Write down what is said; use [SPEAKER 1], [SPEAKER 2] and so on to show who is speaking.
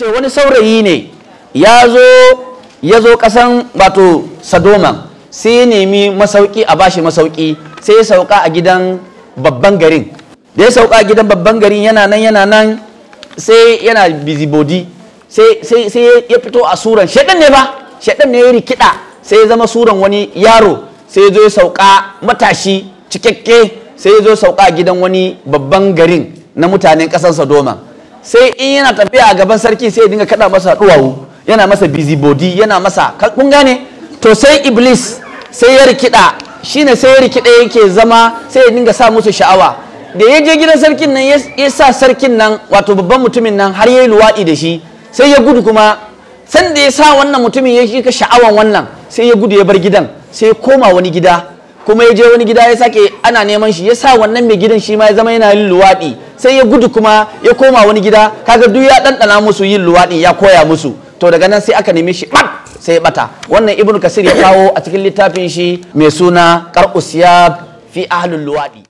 [SPEAKER 1] ce wani saurayi ne ya zo ya zo kasan wato sadoma sai ya nemi masauki a bashi masauki sai ya sauka a gidan babban garin da ya sauka a gidan babban garin yana nan yana nan sai yana bizibodi sai ya fito a suran shaɗan ne ba shaɗan ne ya rikida sai ya zama suran wani yaro sai ya zo ya sauka matashi cikakke sai ya zo sauka a gidan wani babban garin na mutanen ƙasar sadoma sai in yana tafiya a gaban sarki sai ya dinga kada masa duwawu yana masa body yana masa kun gane to sai iblis sai ya rikida shine sai ya rikida yake zama sai ya dinga sa musu sha'awa da ya je gidan sarkin nan ya sa sarkin nan wato babban mutumin nan har ya yi luwaɗi da shi sai ya gudu kuma sanda ya sa wannan mutumin ya ka sha'awan wannan sai ya gudu ya bar gidan sai ya koma wani gida kuma ya je wani gida ya sake ana neman shi ya sa wannan mai gidan shi ma ya zama yana yin luwaɗi sai ya gudu kuma ya koma wani gida kaga duk ya ɗanɗana musu yin luwaɗi ya koya musu to daga nan sai aka neme shi ɓat sai ya ɓata wannan ibnu kasir ya kawo a cikin littafin shi mai suna karɓusiya fi ahlul luwaɗi